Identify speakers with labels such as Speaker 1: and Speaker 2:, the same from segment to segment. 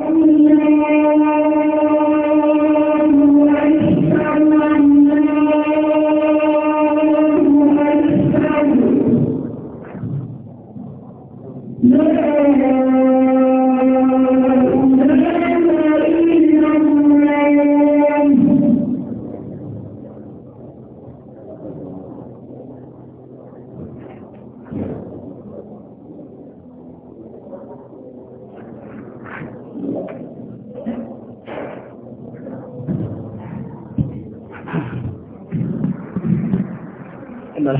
Speaker 1: Thank you.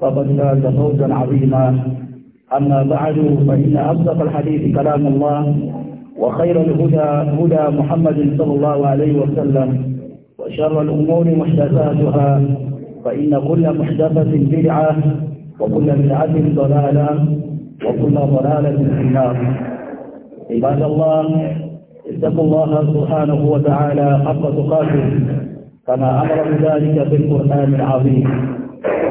Speaker 1: فقد فاز فوزا عظيما أما بعد فإن أصدق الحديث كلام الله وخير الهدى هدى محمد صلى الله عليه وسلم وشر الأمور محدثاتها فإن كل محدثة بدعة وكل بدعة ضلالة وكل ضلالة في النار عباد الله اتقوا الله سبحانه وتعالى حق تقاته كما أمر بذلك في القرآن العظيم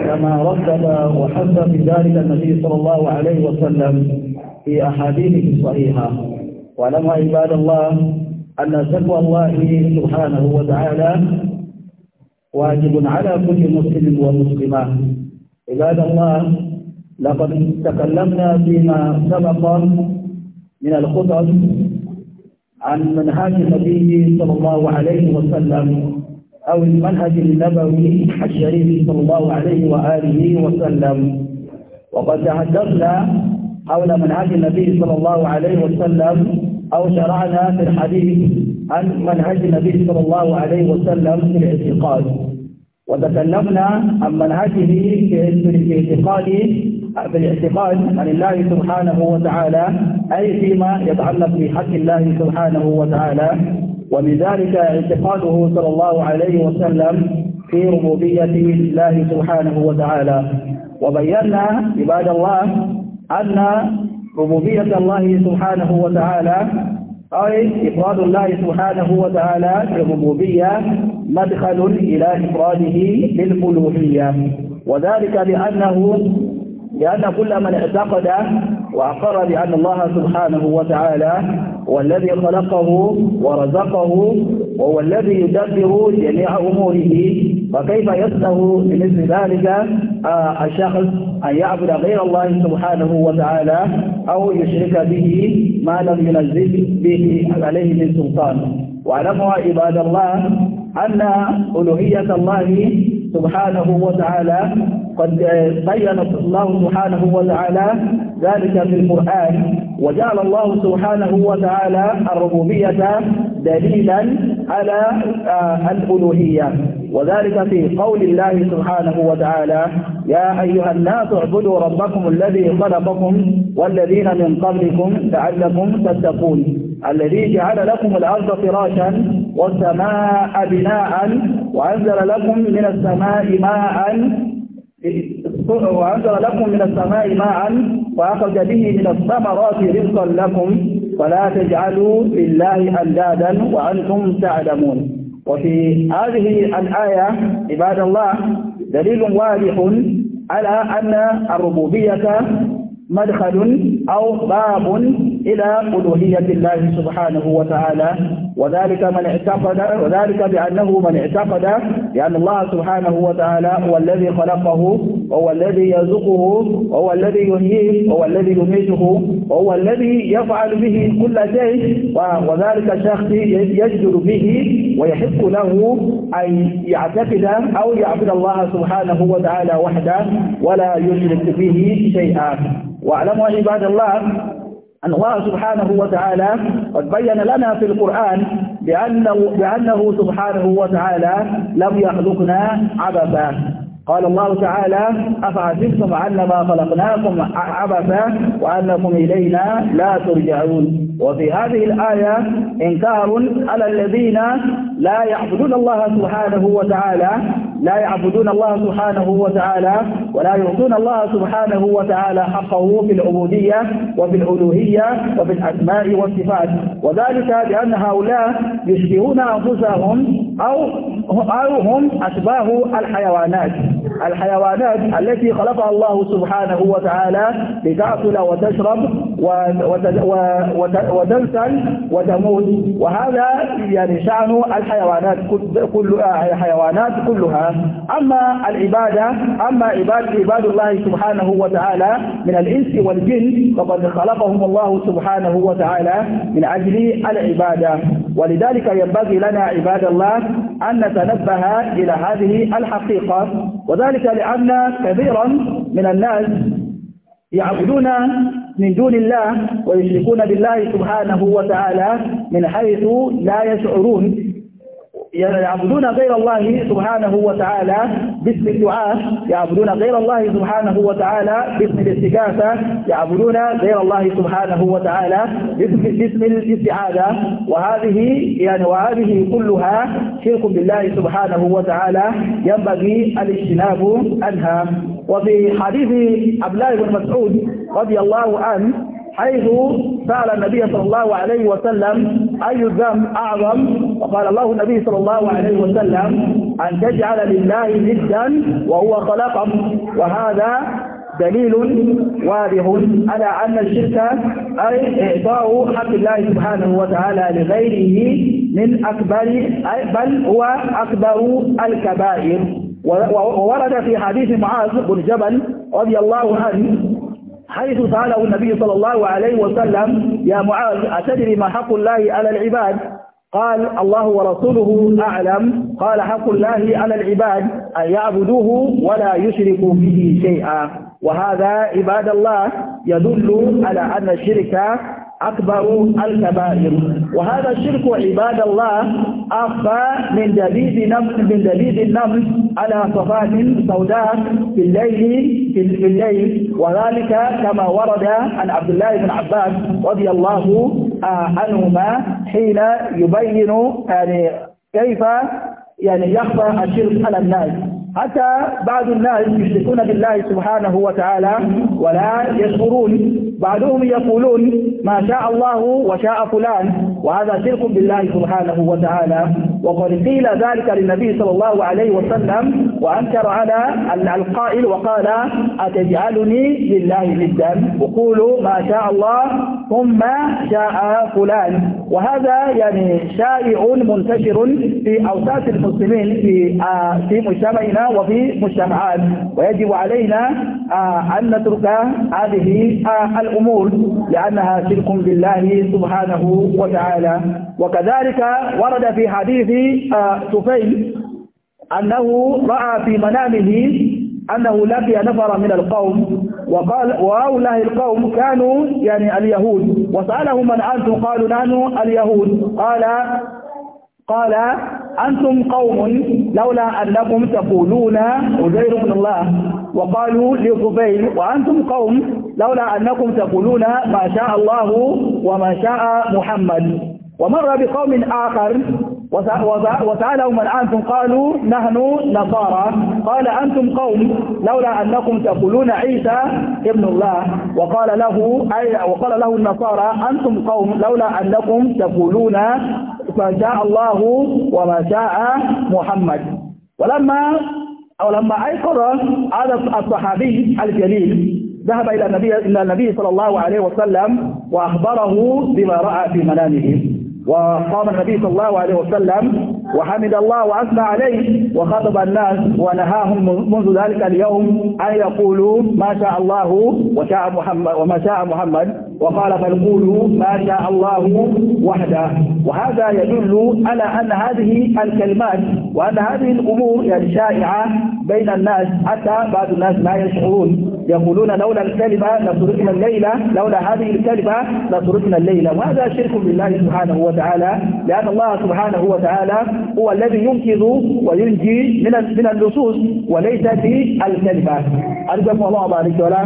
Speaker 1: كما رتب وحب في ذلك النبي صلى الله عليه وسلم في أحاديثه الصحيحة ولما عباد الله أن تقوى الله سبحانه وتعالى واجب على كل مسلم ومسلمة عباد الله لقد تكلمنا فيما سبق من الخطب عن منهاج النبي صلى الله عليه وسلم أو المنهج النبوي الشريف صلى الله عليه وآله وسلم وقد تحدثنا حول منهج النبي صلى الله عليه وسلم أو شرعنا في الحديث عن منهج النبي صلى الله عليه وسلم في الاعتقاد وتكلمنا عن منهجه في الاعتقاد في الاعتقاد عن الله سبحانه وتعالى أي فيما يتعلق بحق الله سبحانه وتعالى ولذلك اعتقاده صلى الله عليه وسلم في ربوبية الله سبحانه وتعالى وبينا عباد الله أن ربوبية الله سبحانه وتعالى أي إفراد الله سبحانه وتعالى بالربوبية مدخل إلى إفراده بالألوهية وذلك لأنه لأن كل من اعتقد وأقر بأن الله سبحانه وتعالى هو الذي خلقه ورزقه وهو الذي يدبر جميع أموره فكيف يسأل بمثل ذلك آه، الشخص أن يعبد غير الله سبحانه وتعالى أو يشرك به ما لم ينزل به عليه من سلطان واعلموا عباد الله أن ألوهية الله سبحانه وتعالى قد آه، بين الله سبحانه وتعالى ذلك في القرآن وجعل الله سبحانه وتعالى الربوبية دليلا على آه، الألوهية وذلك في قول الله سبحانه وتعالى يا أيها الناس اعبدوا ربكم الذي خلقكم والذين من قبلكم لعلكم تتقون الذي جعل لكم الأرض فراشا والسماء بناء وأنزل لكم من السماء ماء وأنزل لكم من السماء ماء وأخرج به من الثمرات رزقا لكم فلا تجعلوا لله أندادا وأنتم تعلمون وفي هذه الآية عباد الله دليل واضح على أن الربوبية مدخل أو باب إلى ألوهية الله سبحانه وتعالى وذلك من اعتقد وذلك بأنه من اعتقد بأن الله سبحانه وتعالى هو الذي خلقه وهو الذي يرزقه وهو الذي يحييه وهو الذي يميته وهو الذي يفعل به كل شيء وذلك الشخص يجدر به ويحق له أن يعتقد أو يعبد الله سبحانه وتعالى وحده ولا يشرك به شيئا واعلموا عباد الله أن الله سبحانه وتعالى قد بين لنا في القرآن بأنه, بأنه سبحانه وتعالى لم يخلقنا عبثا قال الله تعالى أفعزبتم أنما خلقناكم عبثا وأنكم إلينا لا ترجعون وفي هذه الآية إنكار على الذين لا يعبدون الله سبحانه وتعالى لا يعبدون الله سبحانه وتعالى ولا يعطون الله سبحانه وتعالى حقه في العبودية وفي الألوهية وفي الأسماء والصفات وذلك بأن هؤلاء يشبهون أنفسهم أو أو هم أشباه الحيوانات الحيوانات التي خلقها الله سبحانه وتعالى لتأكل وتشرب وتنسل وتموت وهذا يعني شأن الحيوانات كل آه، الحيوانات كلها أما العبادة أما عباد عباد الله سبحانه وتعالى من الإنس والجن فقد خلقهم الله سبحانه وتعالى من أجل العبادة ولذلك ينبغي لنا عباد الله أن نتنبه إلى هذه الحقيقة وذلك لأن كثيرا من الناس يعبدون من دون الله ويشركون بالله سبحانه وتعالى من حيث لا يشعرون يعبدون غير الله سبحانه وتعالى باسم الدعاء يعبدون غير الله سبحانه وتعالى باسم الاستغاثة يعبدون غير الله سبحانه وتعالى باسم باسم الاستعاذة وهذه يعني وهذه كلها شرك بالله سبحانه وتعالى ينبغي الاجتناب عنها وفي حديث عبد الله بن مسعود رضي الله عنه حيث سأل النبي صلى الله عليه وسلم أي الذنب أعظم وقال الله النبي صلى الله عليه وسلم أن تجعل لله ندا وهو خلقك وهذا دليل واضح على أن الشرك أي إعطاء حق الله سبحانه وتعالى لغيره من أكبر بل هو أكبر الكبائر وورد في حديث معاذ بن جبل رضي الله عنه حيث سأله النبي صلى الله عليه وسلم يا معاذ أتدري ما حق الله على العباد قال الله ورسوله أعلم قال حق الله على العباد أن يعبدوه ولا يشركوا به شيئا وهذا عباد الله يدل على أن الشرك أكبر الكبائر وهذا الشرك عباد الله أخفى من دبيب نفس من دبيب النفس على صفات سوداء في الليل في الليل وذلك كما ورد عن عبد الله بن عباس رضي الله عنهما حين يبين يعني كيف يعني يخفى الشرك على الناس حتى بعض الناس يشركون بالله سبحانه وتعالى ولا يشكرون بعضهم يقولون ما شاء الله وشاء فلان وهذا شرك بالله سبحانه وتعالى وقد قيل ذلك للنبي صلى الله عليه وسلم وأنكر على القائل وقال أتجعلني لله ندا وقولوا ما شاء الله ثم شاء فلان وهذا يعني شائع منتشر في أوساط المسلمين في آه، في مجتمعنا وفي مجتمعات ويجب علينا آه، أن نترك هذه آه، الأمور لأنها شرك بالله سبحانه وتعالى وكذلك ورد في حديث سفيان أنه رأى في منامه أنه لقي نفر من القوم وقال وهؤلاء القوم كانوا يعني اليهود وسألهم من أنتم قالوا نحن اليهود قال قال أنتم قوم لولا أنكم تقولون عزير بن الله وقالوا لطفيل وأنتم قوم لولا أنكم تقولون ما شاء الله وما شاء محمد ومر بقوم آخر وسألهم من أنتم قالوا نحن نصارى قال أنتم قوم لولا أنكم تقولون عيسى ابن الله وقال له أي وقال له النصارى أنتم قوم لولا أنكم تقولون ما شاء الله وما شاء محمد ولما أو لما أيقظ هذا الصحابي الجليل ذهب إلى النبي إلى النبي صلى الله عليه وسلم وأخبره بما رأى في منامه وقام النبي صلى الله عليه وسلم وحمد الله وأثنى عليه وخطب الناس ونهاهم منذ ذلك اليوم أن يقولوا ما شاء الله وشاء محمد وما شاء محمد وقال بل قولوا ما شاء الله وحده وهذا يدل على أن هذه الكلمات وأن هذه الأمور يعني شائعة بين الناس حتى بعض الناس لا يشعرون يقولون لولا الكلمة لتركنا الليلة لولا هذه الكلمة لتركنا الليلة وهذا شرك بالله سبحانه وتعالى لأن الله سبحانه وتعالى هو الذي ينقذ وينجي من من اللصوص وليس في الكلمه. أرجو الله بارك ولا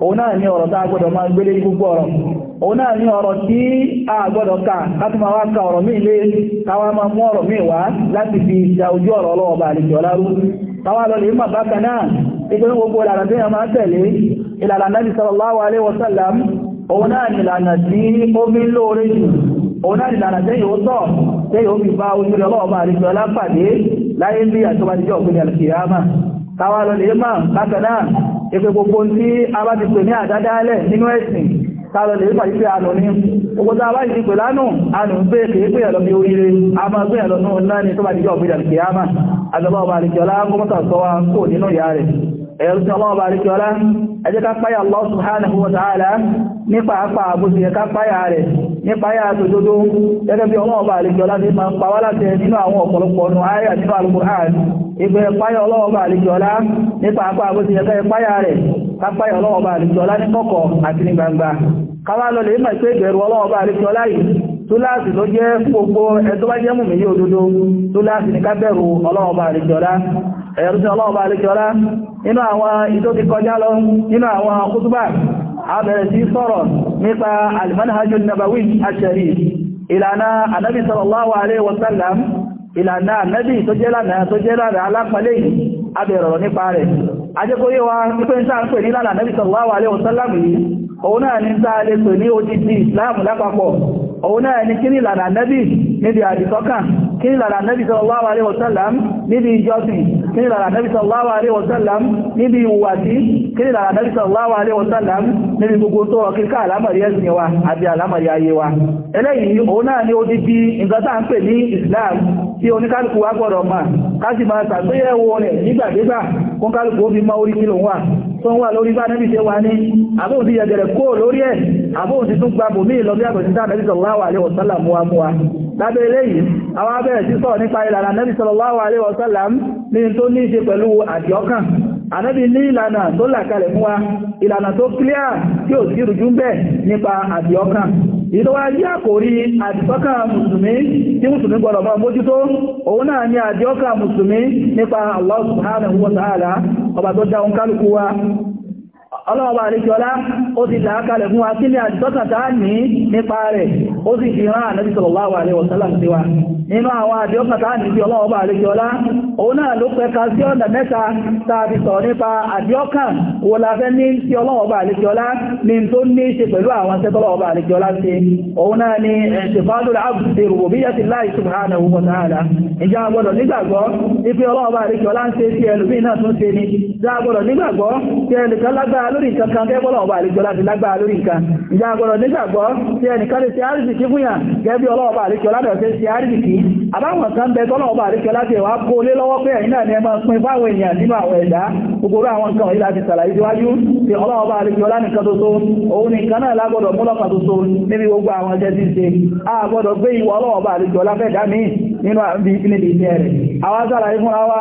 Speaker 1: òun náà ní ọ̀rọ̀ tá a gbọ́dọ̀ máa gbélé gbogbo ọ̀rọ̀ òun náà ní ọ̀rọ̀ tí a gbọ́dọ̀ ká láti máa wá ka ọ̀rọ̀ míì lé káwá máa mú ọ̀rọ̀ míì wá láti fi ìjà ojú ọ̀rọ̀ ọlọ́wọ́ bá àlejò ọlárú káwá lọ lè má bákan náà nítorí gbogbo ìlànà tí wọ́n máa tẹ̀lé ìlànà náà sallallahu alaihi wasallam òun náà ní ìlànà láyé bí àtúbàdíjọ́ òpin àlùkìyàmà káwá lọ lè má bákan ìpé gbogbo tí a bá ti pè ní àdádálẹ̀ nínú ẹ̀sìn tààlọ̀ lè pàdé pé ànù ní ogun tàà bá ìdí pè lánù ànù ń pè kìí pè ẹ̀lọ́ bí oríire a máa gbé ẹ̀lọ́ náà ní tó bá dìjọ́ ọ̀gbẹ̀dà kìí wa kò nínú ìyá ẹ̀rùsí ọlọ́ọ̀bà rí kíọ́lá ẹjẹ́ ká páyà Allah subhanahu wa ta'ala nípa àpá àbúsí ẹ̀ká páyà rẹ̀ nípa ayà àtòdodo gẹ́gẹ́ bí ọlọ́ọ̀bà rí kíọ́lá ní ma pa wá láti nínú àwọn ọ̀pọ̀lọpọ̀ ọ̀nà ayà nínú àbúsí ká lọ lè mọ̀ pé ìbẹ̀rù ọlọ́ọ̀bà rí kíọ́lá yìí ló ẹ̀rùsìn ọlọ́ọ̀bá alẹ́kẹ́ọ́lá nínú àwọn ìtó ti kọjá lọ nínú àwọn kútúbà àbẹ̀rẹ̀ sí sọ̀rọ̀ nípa alìmọ́nàhájú nabawi àṣẹ̀rí ìlànà anábì sallallahu alaihi wasallam ìlànà anábì tó jẹ́ lànà tó jẹ́ lànà alápàlẹ́ àbẹ̀rọ̀ nípa rẹ̀ ajẹ́kóyé wa pípẹ́ ń sáà ń pè kí ni lára nẹ́bí sallallahu alaihi wasallam níbi ìjọsìn kí ni lára nẹ́bí sallallahu alaihi wasallam níbi ìwàsí kí ni lára nẹ́bí sallallahu alaihi wasallam níbi gbogbo tó ọkíká àlámọ̀rí ẹ̀sìn wa àti àlámọ̀rí ayé wa eléyìí òun náà ni ó ti bí nǹkan ń pè ní Islam tí oníkálùkù wa gbọ́dọ̀ mà ká sì máa rẹ̀ nígbàdégbà kó kálùkù ó fi mọ orí kí wà tó ń wà lórí bá nẹ́bí ṣe wà ní àbóhùn ti kó lórí ẹ̀ àbóhùn tún gba bòmí lọ bí àgbẹ̀sí tá nẹ́bí sallallahu alaihi wasallam mú wa mú wa àwọn abẹ́rẹ̀ sí sọ̀rọ̀ nípa ìlànà nẹ́bí sallallahu alaihi wasallam ní tó ní ṣe pẹ̀lú àdìọ́kàn ànábì ní ìlànà tó làkalẹ̀ fún wa ìlànà tó kílíà tí ò sí rújú ń bẹ nípa àdìọ́kàn èyí tó wá yí àkórí àdìọ́kàn mùsùlùmí tí mùsùlùmí na máa mójútó òun náà ni àdìọ́kàn mùsùlùmí nípa Allah subhanahu wa ta'ala ọba tó dá ọlọ́ọ̀bá àríkọlá ó ti làákalẹ̀ fún wa kí ní àdìsọ́tàtà ní nípa rẹ̀ ó sì fi rán ànábì sallallahu alaihi wasallam sí wa nínú àwọn àdìsọ́tàtà ní bí ọlọ́ọ̀bá àríkọlá òun náà ló pẹ̀ka sí ọ̀nà mẹ́ta tàbí sọ nípa àdìọ́kàn wo la fẹ́ ní sí ọlọ́ọ̀bá àríkọlá ní tó ní ṣe pẹ̀lú àwọn sẹ́tọ́lọ́ọ̀bá àríkọlá sí òun náà ni ẹ̀ṣẹ̀fádùn àbùsẹ̀ rububiyyati llahi subhanahu wa ta'ala ìjà gbọ́dọ̀ nígbàgbọ́ ipe ọlọ́ọ̀bá àríkọlá ń ṣe sí ẹlòmí náà tún ṣe ni ìjà gbọ́dọ̀ nígbàgbọ́ tí ẹnìkan lágbára lórí nǹkan kan gẹ́gẹ́ bọ́lọ̀ ọba àlejò láti lágbára lórí nǹkan ìjà àgbọ̀rọ̀ nígbàgbọ́ tí ẹnìkan lè ṣe àrísìkí fún yàn gẹ́gẹ́ bí ọlọ́ọ̀ba àlejò ládọ̀ ṣe ṣe àbáwọn kan bẹ tọ́lọ̀ ọba àríkẹ́ láti ẹ̀wà kó lé lọ́wọ́ pé ẹ̀yìn náà ni ẹmọ pín fáwọn èèyàn nínú àwọn ẹ̀dá gbogbo àwọn nǹkan wọ̀nyí láti sàlàyé síwájú tí ọlọ́wọ́ ọba àríkẹ́ ọlá tó tó òun nìkan náà lágbọ́dọ̀ múlọ́pàá tó tó níbi gbogbo àwọn ẹjẹ́ a gbọ́dọ̀ gbé ìwọ ọlọ́wọ́ ọba àríkẹ́ ọlá fẹ́ dá míì nínú àbí níbi iṣẹ́ rẹ̀ àwa sàlàyé fúnra wa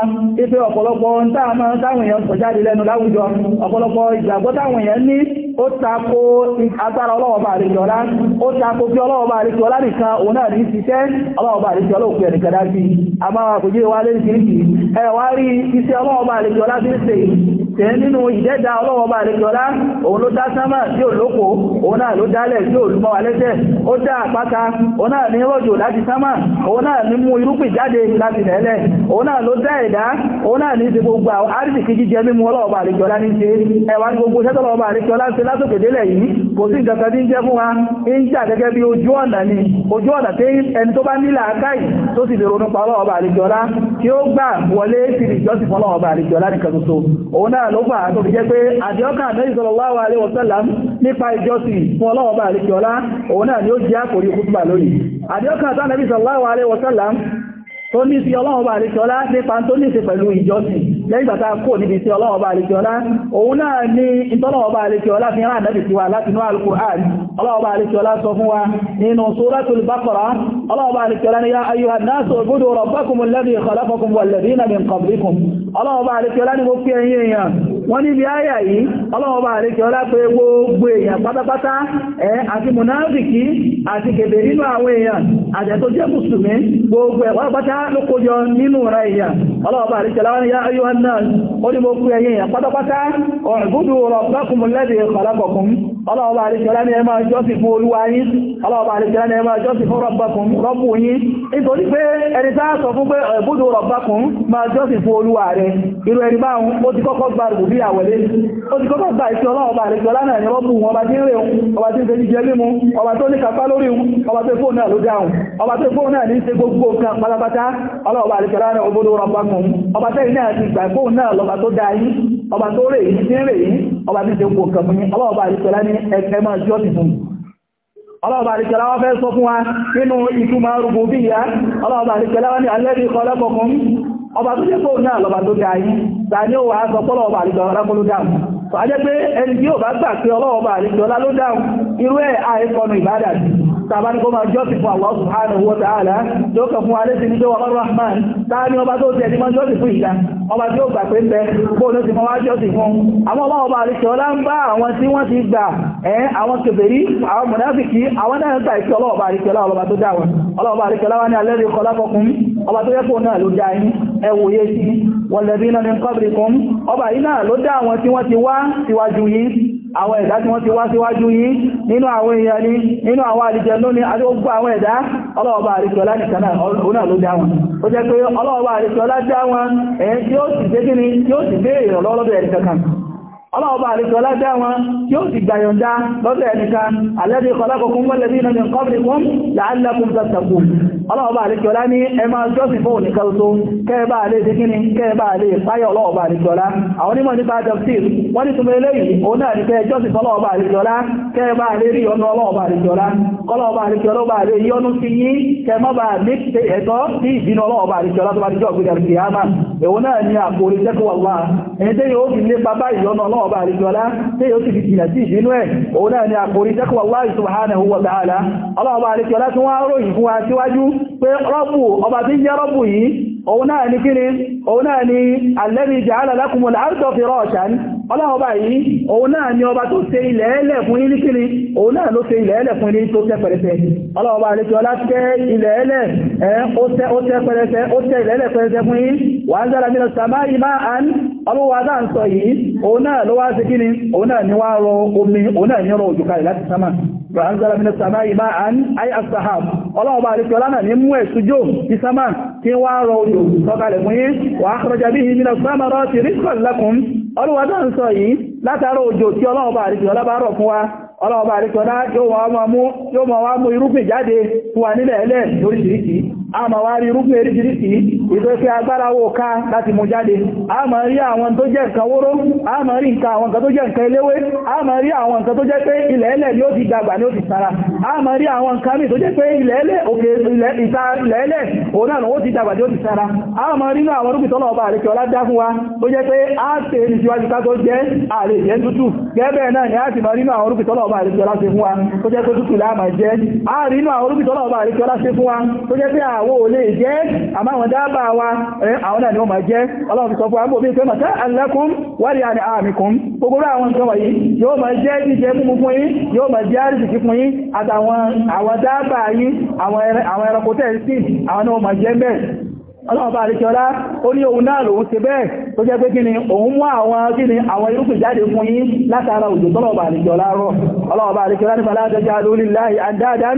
Speaker 1: pípé ó tako agbára ọlọ́wọ́ba àríjọlá ó tako bí ọlọ́wọ́ba àríjọlá nìkan òun náà ní ṣiṣẹ́ ọlọ́wọ́ba àríjọlá òkú ẹ̀nìkan dájú a máa kò jẹ́ wa lé tẹ̀ nínú ìdẹ́dà ọlọ́wọ́ bá lè jọlá òun ló dá sámà tí ò lóko òun náà ló dálẹ̀ tí ò lúmọ́ wa lẹ́sẹ̀ ó dá àpáta òun náà ní rọ̀jò láti sámà òun náà ní mú irúgbìn jáde láti lẹ́lẹ̀ òun náà ló dá ẹ̀dá òun náà ní ṣe gbogbo àríṣìkí jíjẹ mímu ọlọ́wọ́ bá lè jọlá ní ṣe ẹwà ní gbogbo iṣẹ́ tọ́lọ́wọ́ bá lè jọlá ṣe lásòkè délẹ̀ yìí kò sí nǹkan ni ojú ọ̀nà ló fà tó fi jẹ́ pé àdíọ́kà Ànábì sallallahu alaihi wasallam nípa ìjọsìn fún ọlọ́wọ́bà àríkì ọlá òun náà ni ó jẹ́ àkòrí kútùbà lónìí àdíọ́kà Ànábì sallallahu alaihi wasallam tó ní sí ọlọ́wọ́bà àríkì ọlá nípa tó ní sí pẹ̀lú ìjọsìn lẹ́yìn ìgbà tá a kò níbi tí ọlọ́wọ́ bá àlejò ọlá òun náà ni ìtọ́lọ́wọ́ bá àlejò ọlá fi rán ànábì sí wa láti inú Al-Qur'an ọlọ́wọ́ bá àlejò ọlá sọ fún wa nínú Suratul Baqara ọlọ́wọ́ ọlọ́wọ́ bá àlejò ọlá ọlá pé gbogbo èèyàn pátápátá ẹ̀ àti mùnáfìkì náà ó ní mo pé ẹyẹ yẹn pátápátá ọ̀rùn gúdù rọ̀ bákùnmù lẹ́dẹ̀ẹ́ kọ̀lápọ̀kùnmù ọlọ́ọ̀bá àríkẹ́lá ní ẹmà jọ́sìn fún olúwa yín ọlọ́ọ̀bá àríkẹ́lá ní ẹmà jọ́sìn fún rọ̀bàkùn rọ́bù yín nítorí pé ẹni táà sọ fún pé ẹ̀bùdó rọ̀bàkùn ma jọ́sìn fún olúwa rẹ̀ irú ẹni báhùn ó ó ti kọ́kọ́ gba ìṣẹ́ ẹ̀kẹ́ máa jọ́ ti fún ọlọ́ọ̀bà àríkẹ́lá wá fẹ́ sọ fún wa nínú ìtumọ̀ rububiyya ọlọ́ọ̀bà àríkẹ́lá wá ní alladhi khalaqakum ọba tó jẹ́ kó náà lọ́ba tó ga yìí ta ni ó wà á sọ pọ́lọ́ọ̀bà àríkẹ́lá kó tàbá ní kó máa jọ́sìn fún Allah subhanahu wa ta'ala tó kàn fún alẹ́sìn ní jọwọ́ rahman táà ní ọba tó tẹ̀ ní máa jọ́sìn fún ìdá ọba tí ó gbà pé ń bẹ bóòlù ti máa jọ́sìn fún àwọn ọba ọba àríṣẹ́ ọlá ń bá àwọn tí wọ́n ti gbà ẹ́ àwọn kèbèrí àwọn mùnáfìkì àwọn náà ń gbà ìṣẹ́ ọlọ́ọ̀bà àríṣẹ́ ọlọ́ọ̀bà tó dáwọn ọlọ́ọ̀bà àwọn ẹ̀dá tí wọ́n ti wá síwájú yìí nínú àwọn èèyàn ní nínú àwọn àlìjẹ̀nú ní àríwọ̀gbà àwọn ẹ̀dá ọlọ́ọ̀bà àríṣọ́lá nìkan náà ọ̀nà ló dá wọn ó jẹ́ pé ọlọ́ọ̀bà àríṣọ́lá dá wọn ẹ̀yẹn tí ó sì dé gíní tí ó sì dé ìrànlọ́lọ́dọ̀ ẹ̀rí kankan ọlọ́ọ̀bá àríkọ̀ lábẹ́ àwọn tí ó sì gbàyànjá lọ́dọ̀ ẹnìkan alẹ́bí kọlákọ̀kún wọ́lẹ̀bí ìrìnàmì kọ́bìnrin wọ́n láàrín lákùn tàbí ọlọ́ọ̀bá àríkíọlá ní ẹmà jọ́sìn fóòn nìkan tó kẹ́ẹ̀bá lè ṣe kíni kẹ́ẹ̀bá lè páyọ̀ ọlọ́ọ̀bá àríkíọlá àwọn onímọ̀ nípa tafsir wọ́n ní túnmọ̀ eléyìí òun náà ní kẹ́ẹ̀ jọ́sìn fọ́lọ́ọ̀bá àríkíọlá kẹ́ẹ̀bá lè rí ọ̀nà ọlọ́ọ̀bá àríkíọlá kọlọ́ọ̀bá àríkíọlá bá lè yọ́nú sí yín kẹ́ẹ̀mọ́bà ní ẹ̀tọ́ sí ìbínú ọlọ́ọ̀bá àríkíọlá tó bá dijọ́ ògbé dàbí kìámà èun náà ni àkórí tẹ́kọ̀ọ́ wà ẹni tẹ́ yóò fi lé bàbá ìyọ́nà ọlọ́ọ̀bá àríkíọlá tẹ́ yóò ọlọ́ọ̀bá àríkíọlá tún wá ròyìn fún wa síwájú pé rọ́bù ọba tí jẹ́ rọ́bù yìí òun náà ni kíni òun náà ni alladhi ja'ala lakumul arda firashan ọlọ́ọba yìí òun náà ni ọba tó ṣe ilẹ̀ ẹlẹ̀ fún yín níkiri òun náà ló ṣe ilẹ̀ ẹlẹ̀ fún yín tó tẹ́ pẹ̀rẹsẹ̀ ọlọ́ọba àlejò ọlá tẹ́ ilẹ̀ ẹlẹ̀ ẹ̀ ó tẹ́ pẹ̀rẹsẹ̀ ó tẹ́ ilẹ̀ ẹlẹ̀ pẹ̀rẹsẹ̀ fún yín wà ń zára mílọ̀ sàmá ìmá àn ọlọ́wà dá ń sọ yìí òun náà ló wá sí kíni òun náà ni ayé asahab ọlọ́ọba àlejò ọlá náà ni mú ẹ̀sùjò ti sámà kí wá rọ òjò sọ́kalẹ̀ fún yín wà á kọjá bí i mílọ̀ sámà rọ́ ti rí ọlọ́wọ́dá ń sọ yìí látara òjò tí ọlọ́wọ́ bá àríkì ọlọ́bá rọ̀ fún wa ọlọ́ọ̀bá àríkọ́lá yóò ma wá mú irúgbìn jáde fún wa nílẹ̀ ẹlẹ́ lóríṣìíríṣìí a ma wá rí irúgbìn eríṣìíríṣìí ìtọ́fẹ́ agbára wò ká láti mú jáde a ma rí àwọn tó jẹ́ nǹkan wóró a ma rí nǹkan àwọn nǹkan tó jẹ́ nǹkan eléwé a ma rí àwọn nǹkan tó jẹ́ pé ilẹ̀ ẹlẹ̀ ni ti dàgbà ni ó ti sara a ma rí àwọn nǹkan mi tó jẹ́ pé ilẹ̀ ẹlẹ̀ òun náà ó ti dàgbà ni ó ti sara a ma rí inú àwọn rúgbìn tọ́lọ̀ ọba àríkọ́lá dá fún wa tó jẹ́ pé a ṣe ìrìnṣíwájú ká tó jẹ́ àrèjẹ́ tútù gẹ́gẹ́ náà ni a sì ma rí inú àwọn rúgbìn ọba àríkẹ́ ọlá ṣe fún wa tó jẹ́ pé tútù láàmà jẹ́ àárínú àwọn wa tó jẹ́ pé àwọ olè jẹ́ àmáwọn dábà wa àwọn náà wa gbòmí pé màtá alákùn wárí àni àmìkùn gbogbo àwọn nǹkan wọ̀nyí yóò máa jẹ́ jíjẹ múmu fún yín yóò máa jẹ́ àrísìkí fún yín àtàwọn àwọn dábà yín
Speaker 2: ọlọ́ọ̀bá àríkẹ́ọlá
Speaker 1: ó ní òun náà lòun ṣe bẹ́ẹ̀ tó jẹ́ pé kí ni òun mú àwọn kí ni àwọn irúgbìn jáde fún yín látara òjò tọ́lọ̀ọ̀bá àríkẹ́ọlá rọ̀ ọlọ́ọ̀bá àríkẹ́ọlá ní fala taj'alu lillahi andadan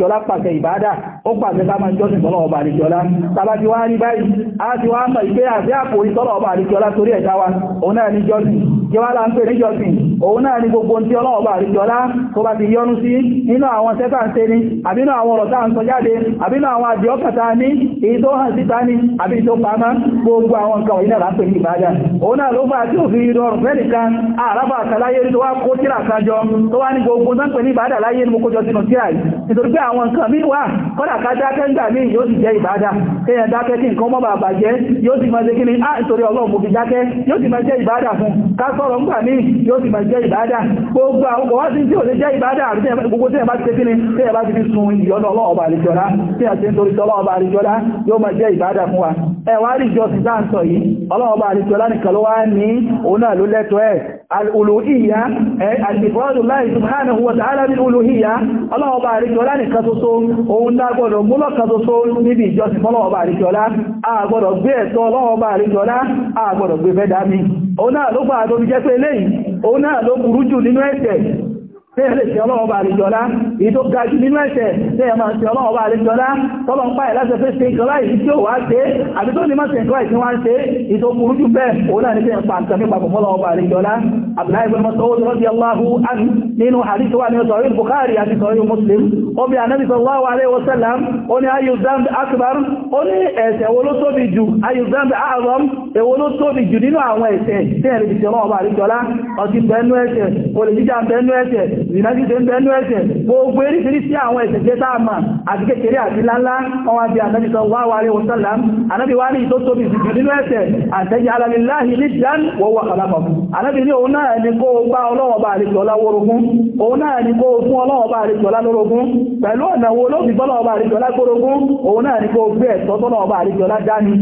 Speaker 1: àríkíọlá pàṣẹ ìbádà ó pàṣẹ ká máa jọ́sìn tọ́lọ̀ ọba àríkíọlá tàbá ti wá rí báyìí a ti wá mọ̀ ìpé àti àpòrí tọ́lọ̀ ọba àríkíọlá torí ẹ̀dá wa òun náà ní jọ́sìn jẹ́wàlá ń pè ní jọ́sìn òun náà ní gbogbo tí ọlọ́ọ̀bà àríkíọlá tó bá ti yọnu sí nínú àwọn tẹ́ta ń ṣe ni àbínú àwọn ọ̀rọ̀ táà ń sọ jáde àbínú àwọn àdìọ́kàtà ní èyí tó hàn síta ní àbí tó pamá gbogbo àwọn nǹkan wọ̀nyí náà lápẹ̀ ní ìbádà òun náà ló fà tí ò fi rọrùn fẹ́ nìkan àràbà àkàláyé tó wá kó tíra kan jọ tó wá ní àwọn nǹkan mí wà kọ́dà ká dákẹ́ ń gbà mí yóò sì jẹ́ ìbádà kéèyàn dákẹ́ kí nǹkan mọ́bà bàjẹ́ yóò sì máa jẹ́ kí ni á ah, ìtorí ọlọ́run mo fi dákẹ́ yóò sì máa jẹ́ ìbádà fún ká sọ̀rọ̀ ń gbà mí yóò sì máa jẹ́ ìbádà gbogbo àwọn kọ̀wá sí tí ò lè jẹ́ ìbádà àti gbogbo tí ẹ bá ti ṣe kí ni tí ẹ bá ti fi sun ìyọnu ọlọ́run ọba àlejọ́lá tí a ṣe láì nìkan tó tó òun lágbọ́dọ̀ mú lọ́kan tó níbi ìjọsìn fọ́lọ́ọ̀bà àríkọlá àgbọ́dọ̀ gbé ẹ̀tọ́ ọlọ́ọ̀bà àríkọlá àgbọ́dọ̀ gbé fẹ́ dá òun náà ló fà jẹ́ pé eléyìí òun náà ló burú jù nínú ẹ̀ṣẹ̀ tẹ́yẹ̀ lè ṣe ọlọ́wọ́ bá àríjọlá èyí tó ga jù nínú ẹ̀ṣẹ̀ tẹ́yẹ̀ máa ṣe ọlọ́wọ́ bá àríjọlá tọ́lọ ń páyẹ̀ láti fẹ́ ṣe ìkọlá ìlú tí ó wá ṣe àbí tó ní máa ṣe ìkọlá ìsìn wá ń ṣe ètò burú jù bẹ́ẹ̀ òun náà ní tẹ́yẹ̀ pa nǹkan nípa fọ́lọ́wọ́ bá àríjọlá Abdullahi ibn Mas'ud radiyallahu anhu nínú hadith wa ní sahih Bukhari àti sahih Muslim ó bi Ànábì sallallahu alaihi lè fi ìrìnàjí ṣe ń bẹ ẹnu ẹ̀ṣẹ̀ gbogbo eríṣiríṣi àwọn ẹ̀ṣẹ̀ jẹ́ táàmà àti kékeré àti láńlá ọwọ́ àti ànábì sọ wá wà rí òṣàlá ànábì wá ní ìtó tóbi jùjù nínú ẹ̀ṣẹ̀ àtẹ́jì alamiláhì nìjàn wọ́wọ́ àkàlápọ̀ ànábì ní òun náà ni kó bá ọlọ́wọ́ bá àrètò ọlá wórogún òun náà ni kó fún ọlọ́wọ́ bá àrètò ọlá lórogún pẹ̀lú ọ̀nà wo ló fi bọ́lọ́wọ́ bá àrètò ọlá gbórogún òun náà ni kó gbé ẹ̀tọ́ tọ́lọ́wọ́ bá àrètò ọlá dání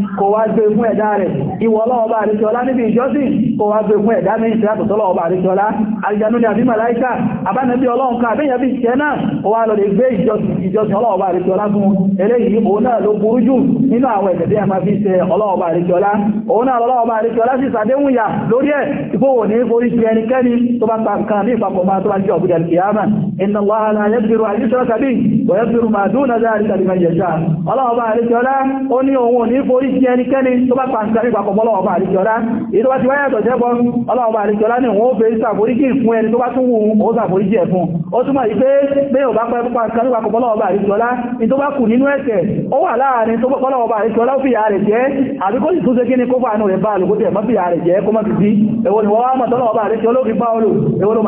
Speaker 1: kó wá àbánàbí ọlọ́run ká àbẹ́yàn bí ìṣẹ́ náà ó wá lọ lè gbé ìjọsìn ọlọ́ọ̀bá àríkíọlá fún eléyìí òun náà ló burú jù nínú àwọn ẹ̀ṣẹ̀ tí a máa fi ṣe ọlọ́ọ̀bá àríkíọlá òun náà lọ́ọ̀bá àríkíọlá sì sàdéhùn yà lórí ẹ̀ ìfowó ní forí ti ẹnikẹ́ni tó bá ta nǹkan ní ìpapọ̀ máa tó bá jẹ́ ọ̀bùdà kìyàmà iná wàhálà yẹ́bìrù àyíṣẹ́ tàbí wẹ̀ẹ́bìrù màdúnà dáadìí tàbí mẹ́jẹ̀já ọlọ́ọ̀bá àríkíọlá ó ní òun ní forí ti ẹnikẹ́ni tó bá pa nǹkan ní ìpapọ̀ ọlọ́ọ̀bá àríkíọlá ṣàforíjì ẹ̀ fún ó túnmọ̀ yí pé pé ò bá pẹ́ púpá kan nípa kọ̀pọ̀lọ́wọ́ bá àríṣọ́lá ní bá kù nínú ẹ̀ṣẹ̀ ó wà láàrin tó pọ̀pọ̀lọ́wọ́ bá àríṣọ́lá ó fìyà rẹ̀ jẹ́ àbí kó sì tún ṣe kí ni kó fà nù rẹ̀ ni wọ́n fi bá olù èwo ló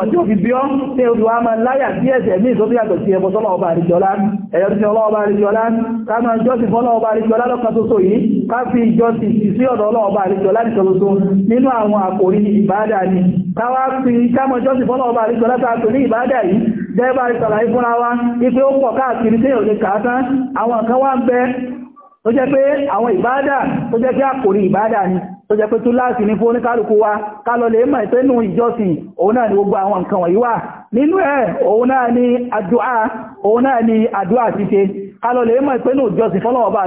Speaker 1: àríṣọ́lá ẹ̀yọ́ ní ìbádà yìí gẹ́gbà ìsàlàyé fúnra wa ipé ó pọ̀ káàkiri tí ò lè kàátán àwọn kan wá ń bẹ tó jẹ́ pé àwọn ìbádà tó jẹ́ pé àkòrí ìbádà ni tó jẹ́ pé tó láti ní fún oníkálùkù wa kálọ lè mọ̀ ìpẹ́nu ìjọsìn òun náà ni gbogbo àwọn nǹkan wọ̀nyí wà nínú ẹ̀ òun náà ni àdúà òun náà ni àdúà kálọ lè mọ̀ ìpẹ́nu ìjọsìn fọ́lọ́wọ́ bá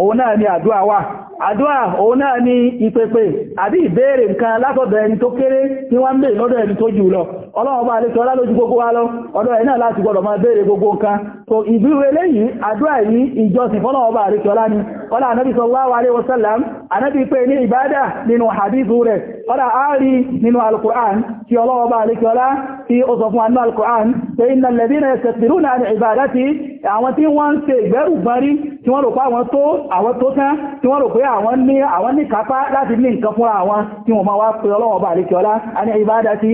Speaker 1: òun náà ni àdúà wà àdúà òun náà ni ìpèpè àbí ìbéèrè nǹkan látọ̀dọ̀ ẹni tó kéré tí wọ́n ń bèèrè lọ́dọ̀ ẹni tó jù lọ ọlọ́run bá lẹ́tọ́ lálójú gbogbo wa lọ ọ̀dọ̀ ẹ̀ náà láti gbọ́dọ̀ máa bèèrè gbogbo nǹkan so ìbíwẹ̀ lẹ́yìn àdúà yìí ìjọsìn fọ́lọ́run bá lẹ́tọ́ ni ọlá anábì sallallahu alaihi wasallam anábì pé ní ìbádà nínú hadithu rẹ̀ ọlá àárí nínú alkùrán tí ọlọ́wọ́ bá lè kíọlá tí ibadati àwọn tí wọ́n ń ṣe ìgbẹ́rùgbọ́n rí tí wọ́n àwọn ní àwọn ní kápá láti ní nǹkan fúnra àwọn tí wọ́n máa wá pè ọlọ́wọ́ bá àríkẹ́ọlá àní ìbádàtí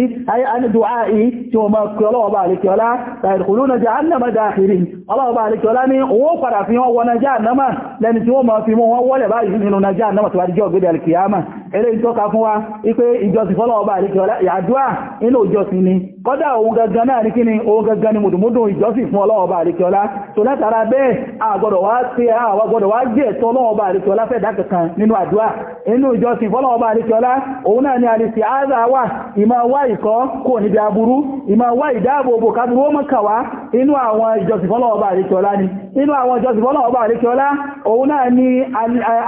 Speaker 1: àní dùá yìí tí wọ́n máa pè ọlọ́wọ́ bá àríkẹ́ọlá tàìkùlúnà jahannama dakhirin ọlọ́wọ́ bá àríkẹ́ọlá ní owó padà fi wọ́n wọ́n jahannama lẹ́ni tí wọ́n máa fi mú wọ́n wọ́lẹ̀ báyìí nínú jahannama tó wá díjọ́ ògbédẹ̀ alkiyama eléyìí ni kọ́dá òun gangan náà ní kíni òun gangan ni mùdùmúdùn ìjọsìn fún ọlọ́wọ́ bá àríkẹ́ọlá tó látara bẹ́ẹ̀ àgbọ̀dọ̀ wá kankan nínú àdúrà inú ìjọsìn fọ́lọ̀ọba àríkíọlá òun náà ni àrísì àádà wà ìmá wá ìkọ́ kò níbi aburú ìmá wá ìdáàbòbò kábúrú ó mọ́kàwá inú àwọn ìjọsìn fọ́lọ̀ọba àríkíọlá ni inú àwọn ìjọsìn fọ́lọ̀ọba ni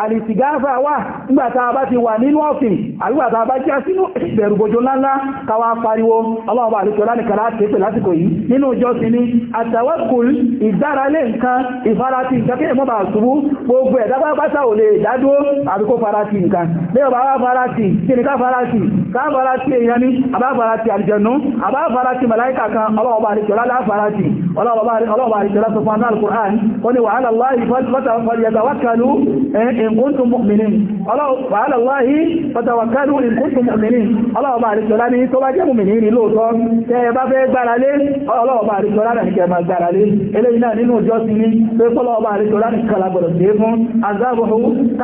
Speaker 1: àrísì gáfà wà nígbàtà bá ti wà nínú ọ̀fìn àrígbàtà bá já sínú ìbẹ̀rùbòjò ńláńlá káwà pariwo ọlọ́ọ̀bà àríkíọlá nìkan láti pè lásìkò yìí ni àtàwọ́kùl ìdáralé nǹkan ìfarati nǹkan kí ẹ̀mọ́bà ṣubú gbogbo ẹ̀dá bá bá sáwò lè dá dúó àbí kó farati nǹkan bẹ́ẹ̀ bá wá farati kí ni ká farati ká farati èèyàn ní àbá farati àlùjànnú àbá farati màláìkà kan ọlọ́ọ̀bá àríkọ̀lá láfarati ọlọ́ọ̀bá àríkọ̀lá sọ fún al-Qur'an ó ní wàhálà láì fọ́tàwọ́kàlù eh, in kuntum mu'minin wàhálà láì fọ́tàwọ́kàlù in kuntum mu'minin ọlọ́ọ̀bá àríkọ̀lá ní tó bá jẹ́ mùmìnì ní lóòtọ́ tẹ́ bá fẹ́ gbára lé ọlọ́ọ̀bá àríkọ̀lá náà ní kẹ́ máa gbára lé eléyìí náà nínú ìjọsìn ní pé ọlọ́ọ̀bá àríkọ̀lá ní kàlàgbọ̀dọ̀ sí fún azáàbọ̀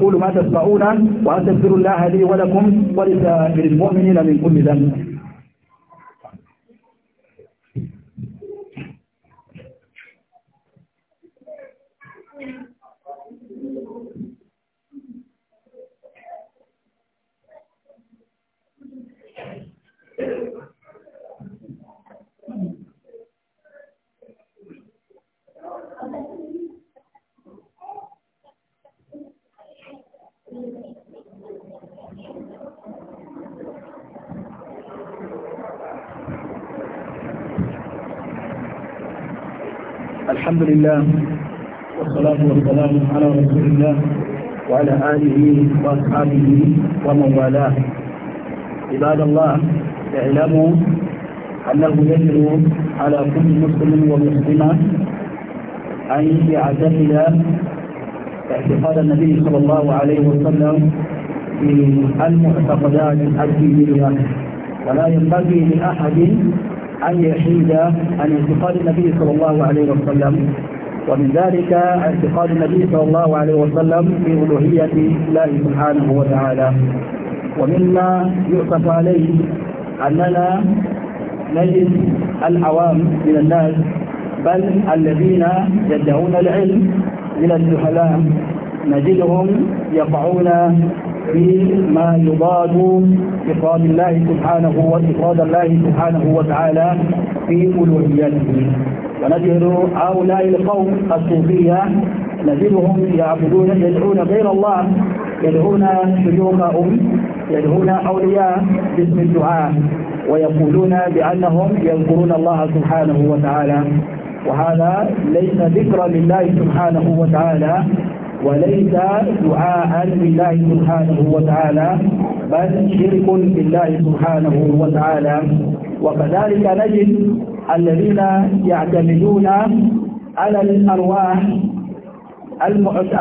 Speaker 1: أقول ما تسمعون وأستغفر الله لي ولكم ولسائر المؤمنين من كل ذنب Thank you. الحمد لله والصلاة والسلام على رسول الله وعلى آله وأصحابه ومن والاه عباد الله اعلموا أنه يجب على كل مسلم ومسلمة أن يعتقد اعتقاد النبي صلى الله عليه وسلم في المعتقدات الدينية ولا ينبغي لأحد أن يحيد عن اعتقاد النبي صلى الله عليه وسلم ومن ذلك اعتقاد النبي صلى الله عليه وسلم في ألوهية الله سبحانه وتعالى ومما يؤسف عليه أننا نجد العوام من الناس بل الذين يدعون العلم من الجهلاء نجدهم يقعون فيما يضاد إفراد الله سبحانه وإفراد الله سبحانه وتعالى في ألوهيته ونجد هؤلاء القوم الصوفية نجدهم يعبدون يدعون غير الله يدعون شيوخهم يدعون أولياء باسم الدعاء ويقولون بأنهم يذكرون الله سبحانه وتعالى وهذا ليس ذكرا لله سبحانه وتعالى وليس دعاء لله سبحانه وتعالى بل شرك بالله سبحانه وتعالى وكذلك نجد الذين يعتمدون على الأرواح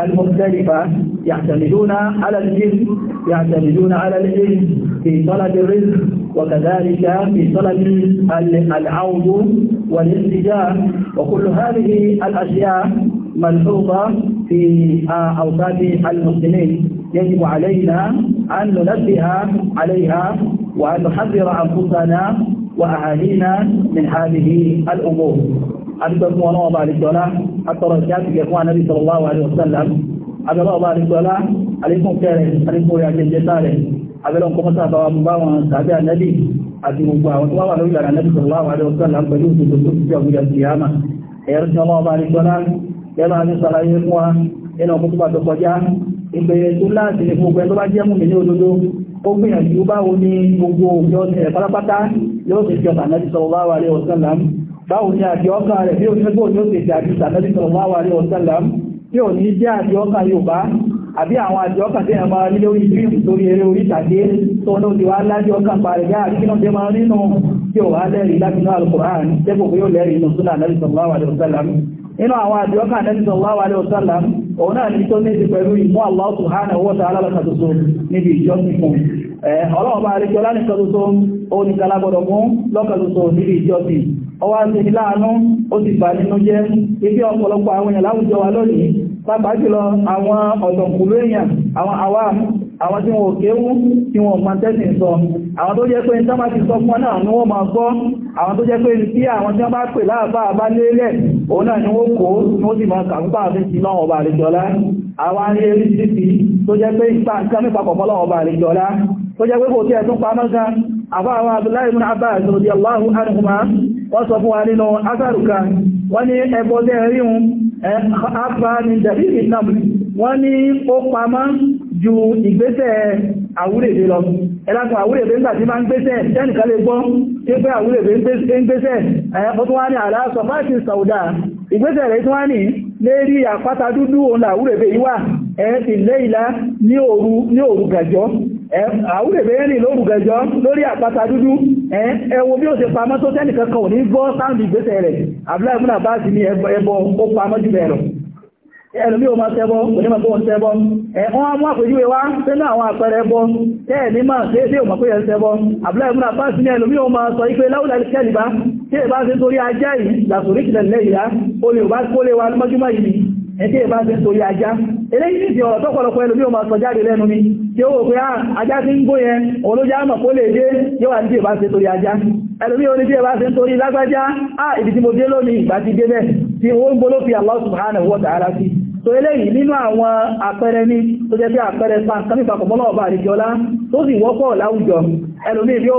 Speaker 1: المختلفة يعتمدون على الجن يعتمدون على الإنس في طلب الرزق وكذلك في طلب العود والاتجاه وكل هذه الأشياء ملحوظه في آه، اوقات المسلمين يجب علينا ان ننبه عليها وان نحذر انفسنا واهالينا من هذه الامور. حديث اخوان الله عليه السلام حتى رجعت الى اخوان النبي صلى الله عليه وسلم. حديث الله عليه السلام عليكم كارم عليكم يا جن جساره. حديث الله عليه السلام عليكم يا النبي عليكم مباوة وطلع النبي صلى الله عليه وسلم بيوت في يوم القيامه. يا رسول الله عليه السلام bẹ́ẹ̀ máa ní sàlàyé fún wa nínú ọkùn túbà tó kọjá ìbẹ̀rẹ̀ tó láti ní gbogbo ẹgbẹ́ bá jẹ́ mú mi ní òdodo ó gbìyànjú báwo ni gbogbo òjò ẹ̀ pátápátá yóò ti jọ tànẹ́bí sallallahu alaihi wasallam báwo ni àjọ ọkà rẹ̀ bí onígbò yóò ti jẹ́ àjọ tànẹ́bí sallallahu alaihi wasallam tí ò ní jẹ́ àjọ ọkà Yorùbá àbí àwọn àjọ ọkà tí ẹ̀ máa rí àti kíná jẹ máa rínú tí inú àwọn àdíọ́kà Ànábì sallallahu alaihi wasallam òun náà ní tó ní pẹ̀lú ìmú Allah subhanahu wa ta'ala lọ́kàtòsó níbi ìjọsìn fún ọlọ́run bá àríkẹ́ ọlánìkàtòsó ó ní kalagbọ́dọ̀ mú lọ́kàtòsó níbi ìjọsìn ọwá ti ní láàánú ó ti bà nínú jẹ́ ibi ọ̀pọ̀lọpọ̀ àwọn èèyàn láwùjọ wa lónìí pàápàá jùlọ àwọn ọ̀dọ̀kùnrin èèyàn àwọn àwa àwọn tí wọn ò kéwú tí wọn mọ̀ tẹ́sì ń sọ àwọn tó jẹ́ pé ní tọ́mà ti sọ fún wọn náà ni wọ́n máa gbọ́ àwọn tó jẹ́ pé ní tí àwọn tí wọ́n bá pè láàbá bá lélẹ̀ òun ni wọ́n ní ó sì ẹ̀ pa náà gan àbá àwọn Abdullahi ibn Abbas radiyallahu anhuma wọ́n sọ fún wa nínú asàrùkà wọ́n ní ẹbọ tẹ́ ríhun ẹ̀ àpá ní dàbí ìnàmù wọ́n ní ó pamọ́ ju ìgbésẹ̀ àwúrèdè lọ ẹ̀lápọ̀ àwúrèdè ń gbàtí máa ń gbésẹ̀ jẹ́nìkan lè gbọ́ tí pé àwúrèdè ń gbésẹ̀ ó tún wá ní àlàáṣọ fáṣì sàúdà ìgbésẹ̀ rẹ̀ tún wá ní lérí àpáta dúdú òun làwúrèdè yìí wà ẹ̀ ilé ìlà ní òru ní òru gàjọ́ àwúrèdè yẹn ní lóru gàjọ́ lórí àpáta dúdú ẹ wo bí ó ṣe pamọ́ tó tẹ́nìkan kan ò ní gbọ́ sáàmì ìgbésẹ̀ ẹlùmí o máa tẹ́bọ́ onímọ̀ tó ń tẹ́bọ́ ẹ̀họ́n mú àpèjúwe wá sínú àwọn àpẹẹrẹ ẹbọ tẹ́ẹ̀ní máa tẹ́ sí òmọ̀ pé ẹ̀ tẹ́bọ́ àbúlẹ̀ ìmúra bá sí ní ẹlùmí o máa sọ ipé láúlà kẹ́lìbá tí ẹ bá sí torí ajá yìí làtòrí kìlẹ̀lẹ̀ ìyá o lè bá kólé wa lọ́júmọ́ yìí ẹ̀tẹ́ ìbá ti torí ajá eléyìí ti ọ̀rọ̀ tọ́pọ̀lọpọ̀ ẹlòmí o máa sọ jáde lẹ́nu mi tí ó wò pé ah, ajá ti ń gbó yẹn olójá mọ̀ kó lè dé yóò wà ní tí ìbá ti torí ajá ẹlòmí o ní tí ìbá ti torí lágbájá á ah, ìdí tí mo dé lónìí ìgbà ti dé bẹ́ẹ̀ tí ó ń wa ta'ala sí tó eléyìí nínú àwọn àpẹẹrẹ ní tó jẹ́ sí àpẹẹrẹ pàǹkanífàkọ̀mọ́lọ̀ ọba àríjọlá tó sì wọ́pọ̀ láwùjọ bí ó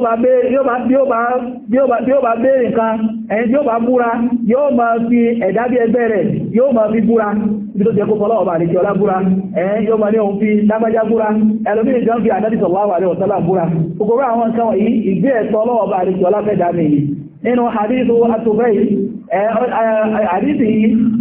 Speaker 1: bá bèèrè nǹkan ẹ̀yìn tí ó bá búra yóò ma fi ẹ̀dá bí ẹgbẹ́ rẹ̀ yóò ma fi búra bí tó jẹ́ kó ọba búra ẹ̀yìn yóò ní òun fi búra ń fi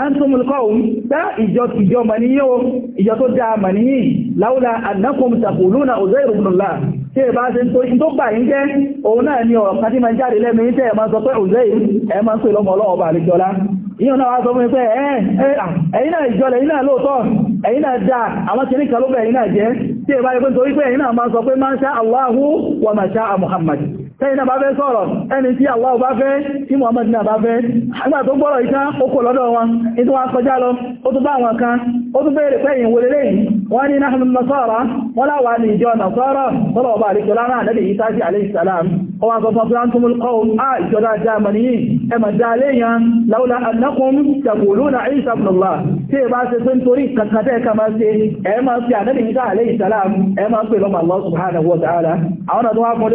Speaker 1: antumulkọ́un tá ìjọ tìjọ màníyàn ìjọ tó dáa màníyàn láúlà annakum taquluna Uzair ibn Allah tí ẹ bá ṣe tó bà ń jẹ́ òun náà ni ọ̀rọ̀ kan tí ma ń jáde lẹ́nu yín tẹ́ ẹ máa sọ pé Uzair ẹ máa ń pè lọ́mọ ọlọ́wọ́ bà àlejọ́lá ìyàn náà wá sọ fún ẹgbẹ́ ẹ̀yìn náà ìjọlẹ̀ ẹ̀yìn náà lóòtọ́ ẹ̀yìn náà dáa àwọn kìíní kan ló bẹ̀ ẹ̀yìn náà jẹ́ tí ẹ bá yẹ pé torí pé ẹ̀yìn náà máa sọ pé máa ń ṣá Allahu wa máa ṣá Muhammad tẹ́yìnà bá fẹ́ sọ̀rọ̀ ẹni tí Allah bá fẹ́ tí Muhammad náà bá fẹ́ àgbà tó gbọ́rọ̀ ìta ó kò lọ́dọ̀ wọn ní tó wá kọjá lọ ó tún bá wọn kan ó tún bèèrè pẹ́yìn wọlé lẹ́yìn wọ́n ní náà nasara wọ́n láwà ní ìjọ nasara tọ́lọ̀ ọba tí ẹ bá ṣe pé nítorí kankan tẹ́ ẹ̀ka máa ṣe ẹ máa ṣe ànábì níta àlẹ́ ìsàlám ẹ máa ń pè lọ́mọ Allah subhanahu wa ta'ala àwọn àtúwà fún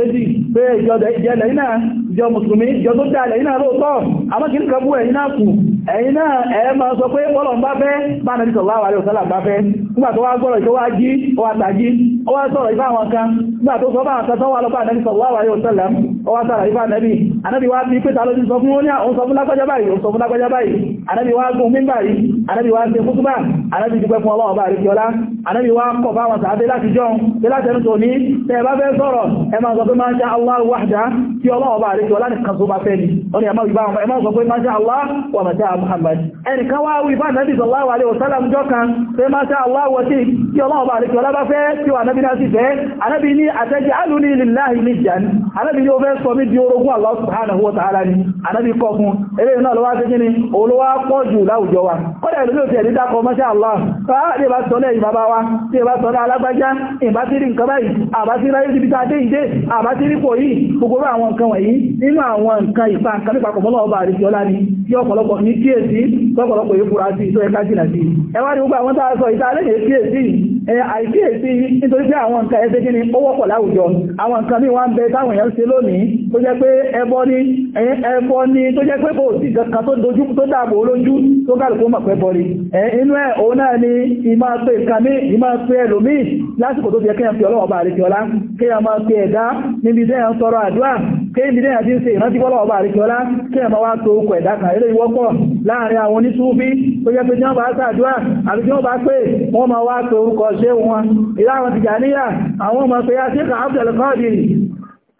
Speaker 1: pé ìjọ́dẹ̀ ìjẹ́lẹ̀ náà jọ mùsùlùmí jọ tó dáadẹ̀ iná lóòtọ́ àmọ́kì ní kàbú ẹ̀yìn náà kù ẹ̀yìn náà ẹ̀ máa sọ pé bọ́lọ̀ ń bá fẹ́ bá nàbí sallallahu alaihi wasallam bá fẹ́ nígbà tó wá gbọ́rọ̀ ìṣọ́ wá jí ó wá tàjí ó wá sọ̀rọ̀ ìfà àwọn kan nígbà tó sọ bá àwọn kan tó wá lọ́pàá nàbí sallallahu alaihi wasallam ó wá sọ̀rọ̀ ìfà nàbí anábì wá bí àlejọ́lá nìkan tó bá fẹ́ ni wọ́n ni a máa wíbá ọmọ ẹmọ́ sọ pé masha Allah wà masha Muhammad ẹnìkan wá wíbá nàbí sallallahu alaihi wasallam jọ kan pé masha Allah wọ́n tí tí ọlọ́ọ̀bá àlejọ́lá bá fẹ́ tí wà nábi náà sì fẹ́ anábi ní àtẹ́jì alúni lillahi nìjan anábi ní ó fẹ́ sọ mí di orogún Allah subhanahu wa ta'ala ni anábi kọ fún eré náà lọ́wọ́ sí kíni olówá pọ̀ jù láwùjọ wa kọ́dà ìlú òfin ẹ̀dí dákọ̀ masha Allah káà lè bá sọ lẹ́yìn bàbá wa tí ẹ bá sọ alágbájá ìbá sí rí nǹkan báyìí àbá sí ráyé síbi tá a dé ìdé àbá sí rí nínú àwọn nǹkan ìfà nǹkan nípa kọ̀mọ́lọ́ ọba àrífi ọlá ni tí ọ̀pọ̀lọpọ̀ ní kíyèsí tọ́pọ̀lọpọ̀ èéfura sí ìtọ́ ẹ̀ká sí ẹwà ní gbogbo àwọn tààsọ ìtàlẹ́yìn àìkíyèsí nítorí pé àwọn nǹkan ẹgbẹ́ gíní ó wọ́pọ̀ láwùjọ àwọn nǹkan ní wọ́n bẹ táwọn èèyàn ṣe lónìí tó jẹ́ pé ẹbọ ní ẹbọ ní tó jẹ́ pé kò kankan tó dojú tó dàbò olójú tó kálùkù mọ̀ bọ́rí inú ẹ̀ òun náà ni ìmá pé nǹkan ní ìmá pé ẹlòmíì lásìkò tó fi ẹkẹ́yàn fi ọlọ́wọ́ kéèyàn pe ẹ̀dá níbi ti ń ìrántí kéèyàn máa wá to okò ẹ̀dá kan eré ìwọ́pọ̀ láàrin àwọn tó jẹ́ pé tí wọ́n bá ṣe wọn ìlànà Tìjàníyà àwọn ọmọ pé yá sí Abdul Qadir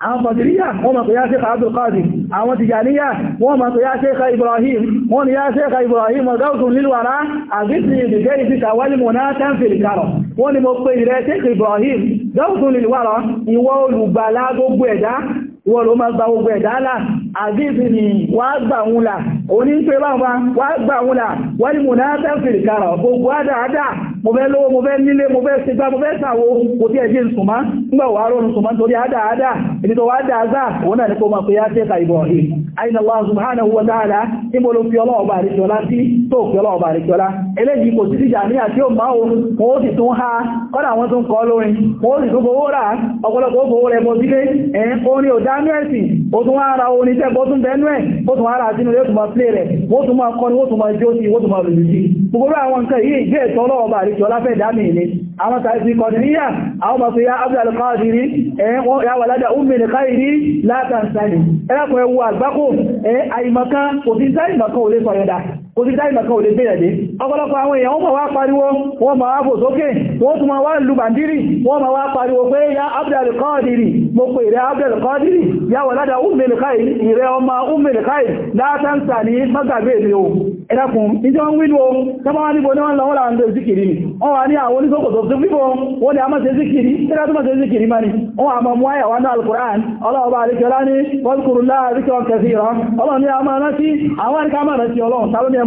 Speaker 1: àwọn Fàtíríyà wọ́n mọ̀ pé yá Sheikh Abdul Qadir àwọn Tijaniyya wọ́n mọ̀ pé yá Sheikh Ibrahim wọ́n ni yá Sheikh Ibrahim ọ̀gáùsùn nílùú ara àgbìsì ìdìgẹ́ ìfìkà wálìmọ̀ná tẹ́ǹfìlì karọ̀ wọ́n ni mo pé ìrẹ́ Sheikh Ibrahim gáùsùn nílùú ara ìwọ olùgbàlá gbogbo ẹ̀dá wọ́n ló máa gba gbogbo ẹ̀dá là àdíìsì ni wà gbà òun là òní ń pè báwọn wà gbà òun là wọ́n ni mò náà tẹ́ǹfìlì karọ̀ gbogbo àdáadáa mo fẹ́ lówó mo fẹ́ nílé mo fẹ́ ṣe gbá mo fẹ́ ṣàwó kò tí ẹ̀ṣẹ́ ìsùnmá nígbà wà rọrùn sùnmá nítorí àdáadá ibi tó wà dáadá òun náà ní kó máa pè yá tẹ́ta ìbọ̀ ẹ̀ àìnà Allah subhanahu wa ta'ala níbo ló fi ọlọ́ọ̀bà àríkíọlá sí tó fi ọlọ́ọ̀bà àríkíọlá eléyìí kò sí ìjà ní àti ó máa ohun wọ́n ó sì tún ha kọ́nà wọ́n tún kọ́ lórin wọ́n ó sì tún fowó rà ọ̀pọ̀lọpọ̀ fowó rẹ̀ mọ́ sílé ẹ̀yìn orin ò dánú ẹ̀sìn ó tún ara orin tẹ́ bọ́ tún bẹ́nu ẹ̀ ó tún ara sínú yóò tún máa plé rẹ̀ wọ́n tún máa kọ́ ni wọ́n tún máa jó sí wọ́n tún máa lùlù sí gbogbo àwọn nǹkan yìí ìgbé ẹ̀tọ́ ọlọ́ọ̀bà àrík ìjọlá fẹ́ dámì ní àwọn tàbí kọ̀dìníyà àwọn bàtí ya abdul qadiri ẹ̀yẹn ya wàládà ummil khairi látàntàní ẹ̀kùn ẹwù àgbákò ẹ̀ àìmọ̀kan òfin sáìmọ̀kan ò lè sọ̀rẹ̀dà òsìdá ìmọ̀kan ò lè gbé ẹ̀dẹ́ ọ̀pọ̀lọpọ̀ àwọn èèyàn wọ́n ma wá pariwo wọ́n ma wá fòsókè wọ́n tún ma wá lù bàndírì wọ́n ma wá pariwo pé ya Abdul Qadir mo pè rẹ Abdul Qadir ya walada Ummul Khair ìrẹ ọmọ Ummul Khair la tansani mọ́gàgbé mi o ẹ̀dàkùn ìjọ ń wínú ohun tọ́bá wá níbo ní wọ́n lọ́wọ́ láàrín lórí zikiri ni wọ́n wà ní àwọn oníṣòkòtò tó fífò wọ́n ni a máa ṣe ni wọ́n a máa mú àyà wá náà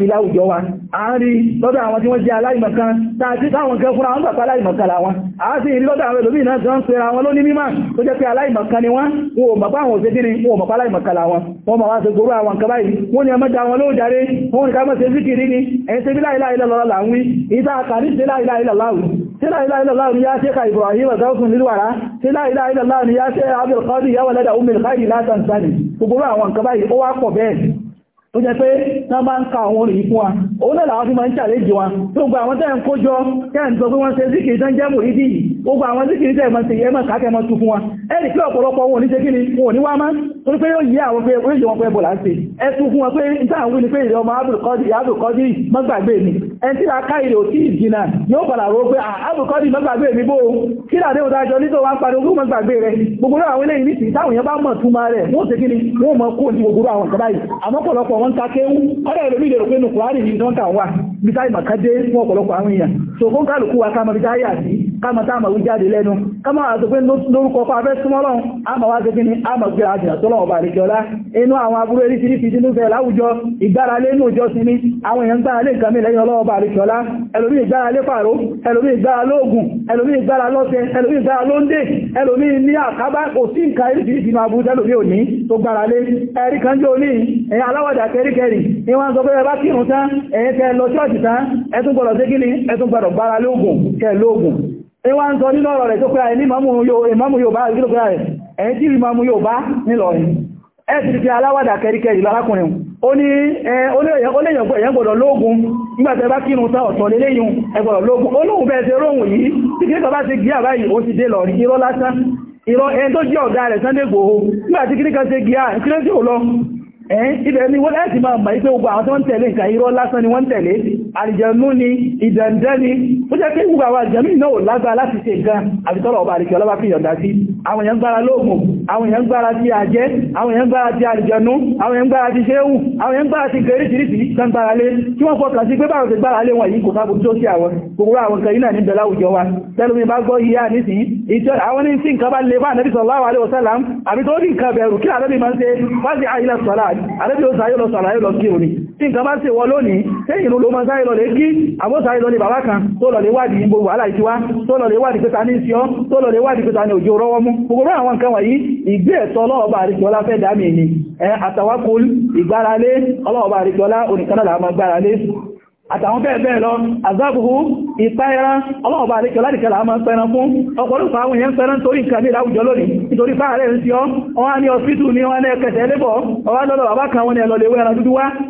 Speaker 1: káàkiri láwùjọ wa a ń rí lọ́dọ̀ àwọn tí wọ́n jẹ́ aláìmọ̀kan tàbí táwọn kan fúnra wọn gbàpá aláìmọ̀kan làwọn a sì rí lọ́dọ̀ àwọn ẹlòmí náà jọ ń pera wọn lóní mímọ̀ tó jẹ́ pé aláìmọ̀kan ni wọ́n wọn ò mọ̀pá àwọn òṣèdí ni wọn ò mọ̀pá aláìmọ̀kan làwọn wọ́n ma wá ṣe gbogbo àwọn nǹkan báyìí wọ́n ni a mọ́ta wọn lóò jáde wọ́n ni ká mọ́ ṣe síkìrí ni ẹ̀yìn ṣe bí láìláìlọ́lọ́ là ń wí ìta àkàrí ṣe láìláìlọ́láwù ṣe láìláìlọ́láwù ni yá ṣe ka Ibrahim ọ̀gáfún nílùwàrá ṣe láìláìlọ́láwù ni yá ṣe Abdul Qadir yá walada Ummul Khair látàǹsánì gbogbo àwọn nǹkan báyìí ó wá pọ̀ bẹ́ẹ̀ tó jẹ́ pé náà bá ń ka àwọn orin fún wa òun náà làwọn fi máa ń challenge wa tó gba àwọn tẹ́ẹ̀ ń kó jọ tẹ́ẹ̀ ń wọ́n ṣe zíkìrì tán jẹ́ mòrí dì gbogbo àwọn zíkìrì tẹ́ẹ̀ máa ṣe yẹ́ máa kàákẹ́ máa tún fún wa ẹ̀rì pé ọ̀pọ̀lọpọ̀ wọn ní ṣe kí ni wọn ní wá máa torí wọ́n takéwú ọ̀rẹ́ ìlú ìdèrò pé nùkùrárì ní tọ́ǹkà wà bí táì màkádé fún ọ̀pọ̀lọpọ̀ àwọn èèyàn so fún kálukú wa ká mọ̀ bí táyà sí káàmà táàmà wí jáde lẹ́nu káàmà àti pé lórúkọ pa afẹ́ súnmọ́ lọ́run a máa wá sí kí ni a máa gbé àjìnà tó lọ́wọ́ bàrí jọlá inú àwọn aburú erí sírí fìdí nífẹ̀ẹ́ láwùjọ ìgbára lé ní òjò sí ni àwọn èèyàn gbára lé nǹkan mìíràn lọ́wọ́ bàrí jọlá ẹlòmí ìgbára lé pàró ẹlòmí ìgbára lóògùn ẹlòmí ìgbára lọ́sẹ̀ ni wọ́n sọ pé ẹ bá kírun tán ẹ̀yẹ kẹ lọ ṣọ́ọ̀ṣì tán ẹtún gbọ́dọ̀ sí kí ni ẹtún gbọ́dọ̀ gbára lóògùn ẹwà ń sọ nínú ọ̀rọ̀ rẹ̀ tó pé àìní ìmọ̀mù yóò bá ìgbìlò pé ààrẹ ẹ̀yìn tí ìmọ̀mù yóò bá nílọ̀rin ẹ̀ ti fi aláwàdà kẹrikẹrì lárákùnrin ó ní ẹ̀yàn gbọ́dọ̀ lóògùn nígbàtẹ̀ bá kínú tá ọ̀tọ̀ léléyìn ẹgbọ̀dọ̀ lóògùn olóhùn bẹ́ẹ̀ ṣe róhùn yìí tí kí bá ti gíà báyìí ó ti dé lọ rí irọ́ lásán irọ́ ẹni tó jẹ́ ọ̀gá rẹ̀ Sunday Igboho nígbàtí kí ní kan ṣe gíà kí ló sì ò lọ ẹ̀yìn ibẹ̀ ni wọ́n láti máa mọ̀ ipé gbogbo àwọn tó ń tẹ̀lé nǹkan àrìjẹ̀mú ni ìdẹ̀ǹdẹ́ ni ó jẹ́ pé gbogbo àwọn àrìjẹ̀mú náà lágbà láti ṣe nǹkan àbítọ́lọ̀ ọba àrìkẹ́ ọlọ́bá fi yọ̀ǹda sí àwọn èèyàn gbára lóògùn àwọn èèyàn gbára ti àjẹ́ àwọn èèyàn gbára ti àrìjẹ̀nú àwọn èèyàn gbára ti ṣéhù àwọn èèyàn gbára ti gẹ̀rí tìrìtì tán gbára lé tí wọ́n fọkàn sí pé báwọn ti gbára lé wọn yìí kò sábò tó sí àwọn gbogbo àwọn nǹkan yìí náà ní bẹ̀lá òjò wa tẹ́lómi bá gbọ́ yìí ànísìn ìjọ àwọn ní sí nǹkan bá lè bá ànábì sallallahu alaihi wasallam àbí tó rí nǹkan bẹ̀rù kí ànábì máa ń ṣe fásitì àìlẹ̀ sọ̀lá ànábì ó sàyọ̀ lọ sọ̀lá sáré lọ lè kí àbósáré lọ lè bàbá kan tó lọ lè wádìí gbogbo wàhálà ìtiwá tó lọ lè wádìí pẹ́ta ní ìsìn ọ́ tó lọ lè wádìí pẹ́ta ní òjò rọwọ́ mú gbogbo àwọn nǹkan wọ̀nyí ìgbé ẹ̀tọ́ ọlọ́ọ̀bà àríkọ́lá fẹ́ dámì ni àtàwákòólù ìgbáralé ọlọ́ọ̀bà àríkọ́lá onìkanlá àmọ́ gbáralé àtàwọn bẹ́ẹ̀ bẹ́ẹ̀ lọ àzábùhú ìpáyẹran ọlọ́ọ̀bá àríkẹ̀ láríkẹ̀ láàmà pẹran fún ọ̀pọ̀lọpọ̀ àwọn èèyàn pẹran torí nǹkan ní ìlàwùjọ lónìí nítorí fáàrẹ̀ ń sí ọ́ wọ́n á ní ọ̀fíìtù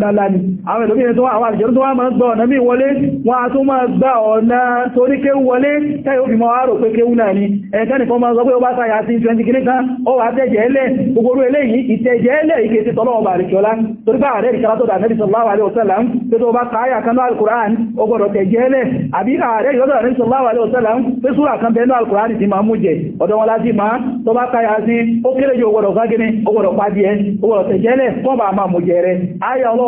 Speaker 1: lálá ni àwọn ìlúmíyàn tó wà àwọn àjẹ́rú tó wà máa gbọ́ ọ̀nà míì wọlé wọ́n a tún máa gbá ọ̀nà torí kéwú wọlé tẹ́yẹ òfin máa rò pé kéwú náà ni ẹ̀ẹ́kẹ́ni kan máa sọ pé ó bá sáyà sí 20 kìíní kan ó wà tẹ́jẹ̀ gbogbo ẹlẹ́ ìké sí tọ́lọ́wọ́ bàrí ọlọ́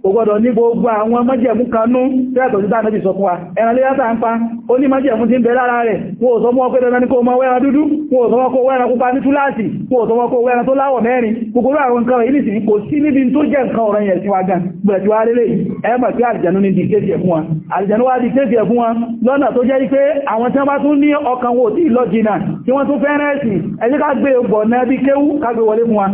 Speaker 1: kò gbọdọ̀ ní gbogbo àwọn májẹ̀mú kanú tẹ́ẹ̀tọ̀ títà náà bí sọ fún wa ẹran lé látà ń pa ó ní májẹ̀mú tí ń bẹ lára rẹ̀ wọ́n ò sọ mọ́ pẹ́tẹ́ ní kó mọ́ wẹ́ran dúdú wọ́n ò sọ mọ́ kó wẹ́ran pupa ní túláàsì wọ́n ò sọ mọ́ kó wẹ́ran tó láwọ̀ mẹ́rin kòkòrò àwọn nǹkan rẹ̀ ìlìsìn kò sí níbi tó jẹ́ nǹkan ọ̀rọ̀ ni di kéèsì di kéèsì ẹ̀fún wa lọ́nà tó jẹ́ pé àwọn tí wọ́n bá tún ní ọkàn wo tí lọ jìnà tí wọ́n tún fẹ́ràn ẹ̀sìn ẹ jẹ́ ká fún wa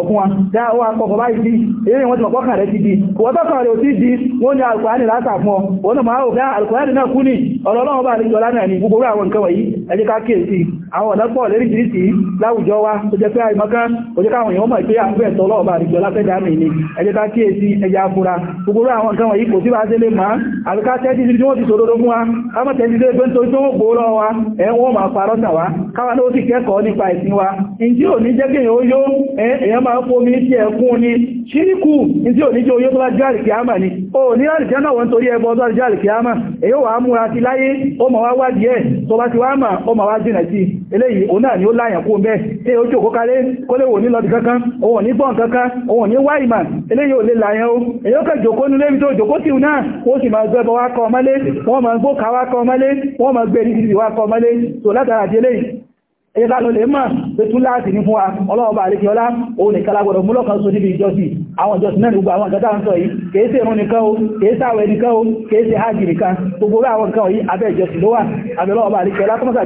Speaker 1: àwọn tọ́nà kọ̀kọ̀ báyìí sí eré wọn ti mọ̀ pọ́kàn rẹ̀ ti di wọ́n tọ́kàn rẹ̀ ò sí di wọ́n ni alùkùránì láta fún ọ wọ́n náà máa rò pé ah, alùkùránì náà kú ní ọ̀rọ̀ bá àlejò ọlá náà ní gbogbo àwọn nǹkan wọ̀nyí ẹ jẹ́ ká àwọn ọ̀dọ́ pọ̀ lérí jìrìsì láwùjọ wa tó jẹ́ pé àìmọ́ká kò jẹ́ káwọn èèyàn mọ̀ pé àwọn ẹ̀tọ́ ọlọ́ọ̀bà àdìjọ lápẹ́jà mi ni ẹ jẹ́ ká ẹja afura gbogbo àwọn nǹkan wọ̀nyí kò sí bá délé máa àbí ká tẹ́tí sí wọ́n ti sòdodo fún wa kama mọ̀ tẹ́tí dé pé ń torí tó wọ́n gbòó wa ẹ̀ wọ́n máa parọ́ wá ni ṣíríkù ìjí ò eléyìí òun náà ni ó láyàn kó bẹ́ẹ̀ tí ó jòkó kalé kó lè wò ní lọ́dì kankan òun ní gbọ́n kankan òun ní wá ìmà eléyìí ò lè láyàn o èyí ó kẹ jòkó ní lébi tó jòkó tí náà ó sì máa gbẹ́bọ wá ọmọlé wọ́n máa gbóka wá ọmọlé wọ́n máa gbé ní ọmọlé ẹjẹ́ ká lọ lè mọ̀ pé tún láti ní fún wa ọlọ́ọ̀bà àríkì ọlá òun nìkan lágbọ̀dọ̀ múlọ̀ kan so níbi ìjọsìn àwọn ìjọsìn náà gbogbo àwọn ìjọta ń sọ yìí kìí ṣe ìrun nìkan o kìí ṣe àwẹ̀ nìkan o kìí ṣe hajj nìkan gbogbo àwọn nǹkan yìí abẹ́ ìjọsìn ló wà abẹ́lọ́ọ̀bà àríkì ọlá kọ́mọ́sà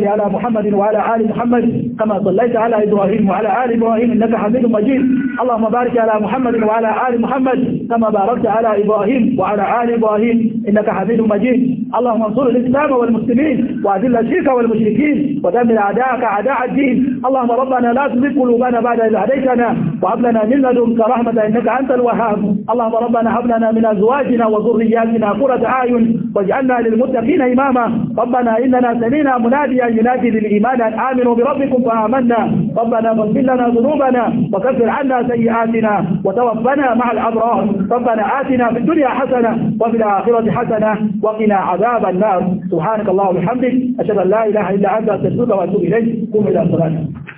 Speaker 1: jẹ́ على محمد وعلى آل محمد كما صليت على إبراهيم وعلى آل إبراهيم إنك حميد مجيد اللهم بارك على محمد وعلى آل محمد كما باركت على إبراهيم وعلى آل إبراهيم إنك حميد مجيد اللهم انصر الإسلام والمسلمين وأذل الشرك والمشركين ودمر أعداءك أعداء الدين اللهم ربنا لا تزغ قلوبنا بعد إذ هديتنا وهب لنا من لدنك رحمة إنك أنت الوهاب اللهم ربنا هب لنا من أزواجنا وذرياتنا قرة أعين واجعلنا للمتقين إماما ربنا إننا سمينا مناديا ينادي للإيمان أن آمنوا بربكم فآمنا ربنا فاغفر لنا ذنوبنا وكفر عنا سيئاتنا وتوفنا مع الأبرار ربنا آتنا في الدنيا حسنة وفي الآخرة حسنة وقنا عذاب النار سبحانك الله وبحمدك أشهد أن لا إله إلا أنت أستغفرك وأتوب إليك قم إلى صلاتك